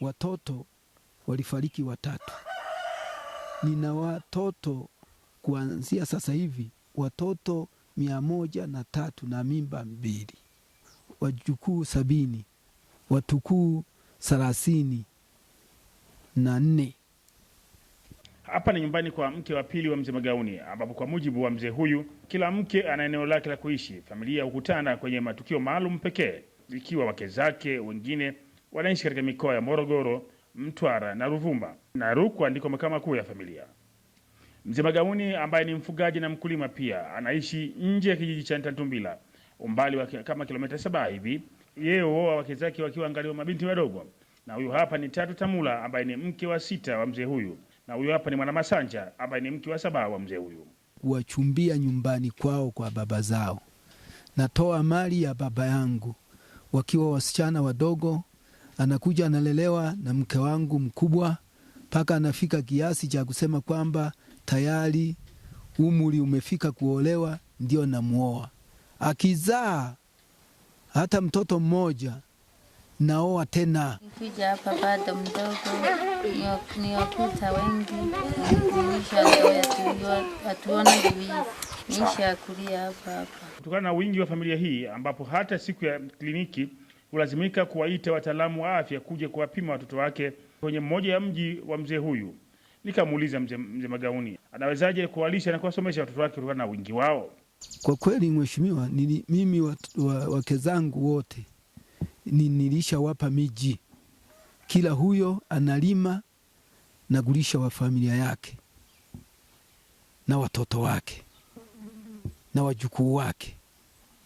watoto walifariki watatu. Nina watoto kuanzia sasa hivi watoto mia moja na tatu na mimba mbili, wajukuu sabini, watukuu thelathini na nne. Hapa ni nyumbani kwa mke wa pili wa mzee Magauni, ambapo kwa mujibu wa mzee huyu, kila mke ana eneo lake la kuishi. Familia hukutana kwenye matukio maalum pekee, ikiwa wake zake wengine wananchi katika mikoa ya Morogoro, Mtwara na Ruvuma na Rukwa ndiko makao makuu ya familia. Mzee Magauni ambaye ni mfugaji na mkulima pia anaishi nje ya kijiji cha Ntantumbila umbali wa kama kilomita saba hivi. Yeye huoa wake zake wakiwa angalia mabinti wadogo, na huyu hapa ni Tatu Tamula ambaye ni mke wa sita wa mzee huyu, na huyu hapa ni Mwana Masanja ambaye ni mke wa saba wa mzee huyu. Kuwachumbia nyumbani kwao kwa baba zao, natoa mali ya baba yangu, wakiwa wasichana wadogo anakuja analelewa na mke wangu mkubwa, mpaka anafika kiasi cha kusema kwamba tayari umri umefika kuolewa, ndio namuoa. Akizaa hata mtoto mmoja naoa tena. Nikuja hapa bado mdogo, niwakuta wengi ya kulia hapa hapa, kutokana na wingi wa familia hii, ambapo hata siku ya kliniki hulazimika kuwaita wataalamu wa afya kuja kuwapima watoto wake kwenye mmoja ya mji wa mzee huyu. Nikamuuliza mzee, mzee Magauni anawezaje kuwalisha na kuwasomesha watoto wake kutokana na wingi wao. Kwa kweli mheshimiwa, mimi wake wa, zangu wote nilishawapa miji, kila huyo analima na kulisha wa familia yake na watoto wake na wajukuu wake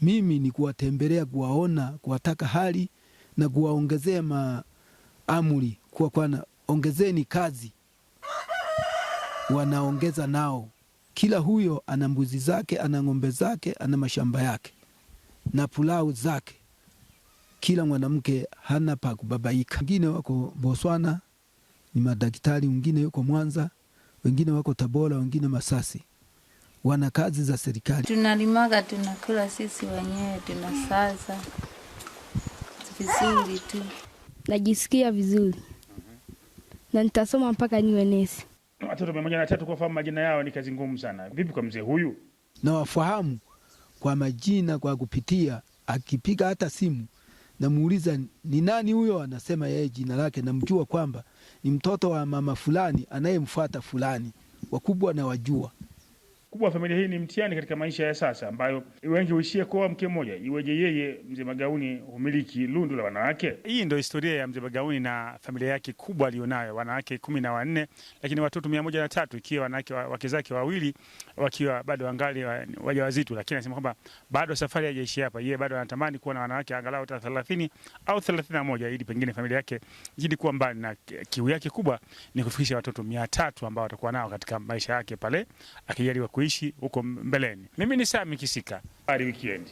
mimi ni kuwatembelea, kuwaona, kuwataka hali na kuwaongezea maamri, kuwa kwana ongezeni kazi. Wanaongeza nao, kila huyo ana mbuzi zake, ana ng'ombe zake, ana mashamba yake na pulau zake. Kila mwanamke hana pa kubabaika. Wengine wako Botswana ni madaktari, wengine yuko Mwanza, wengine wako Tabora, wengine Masasi wana kazi za serikali. Tunalimaga, tunakula sisi wenyewe, tunasaza vizuri tu. Najisikia vizuri na nitasoma mpaka niwe nesi. Watoto mia moja na tatu kuwafahamu majina yao ni kazi ngumu sana. Vipi kwa mzee huyu? Na wafahamu kwa majina, kwa kupitia, akipiga hata simu namuuliza ni nani huyo, anasema yeye jina lake, namjua kwamba ni mtoto wa mama fulani anayemfuata fulani, wakubwa na wajua ukubwa wa familia hii ni mtihani katika maisha ya sasa, ambayo wengi huishia kuoa mke mmoja. Iweje yeye mzee Magauni humiliki lundu la wanawake? Hii ndio historia ya mzee Magauni na familia yake kubwa aliyonayo, wanawake kumi na wanne, lakini watoto mia moja na tatu, ikiwa wanawake wake zake wawili wakiwa bado wangali wajawazito. Lakini anasema kwamba bado safari haijaishia hapa, yeye bado anatamani kuwa na wanawake angalau hata thelathini au thelathini na moja ili pengine familia yake izidi kuwa mbali, na kiu yake kubwa ni kufikisha watoto mia tatu ambao watakuwa nao katika maisha yake pale akijaliwa kuishi kuishi huko mbeleni. Mimi ni Sami Kisika, hadi wikendi.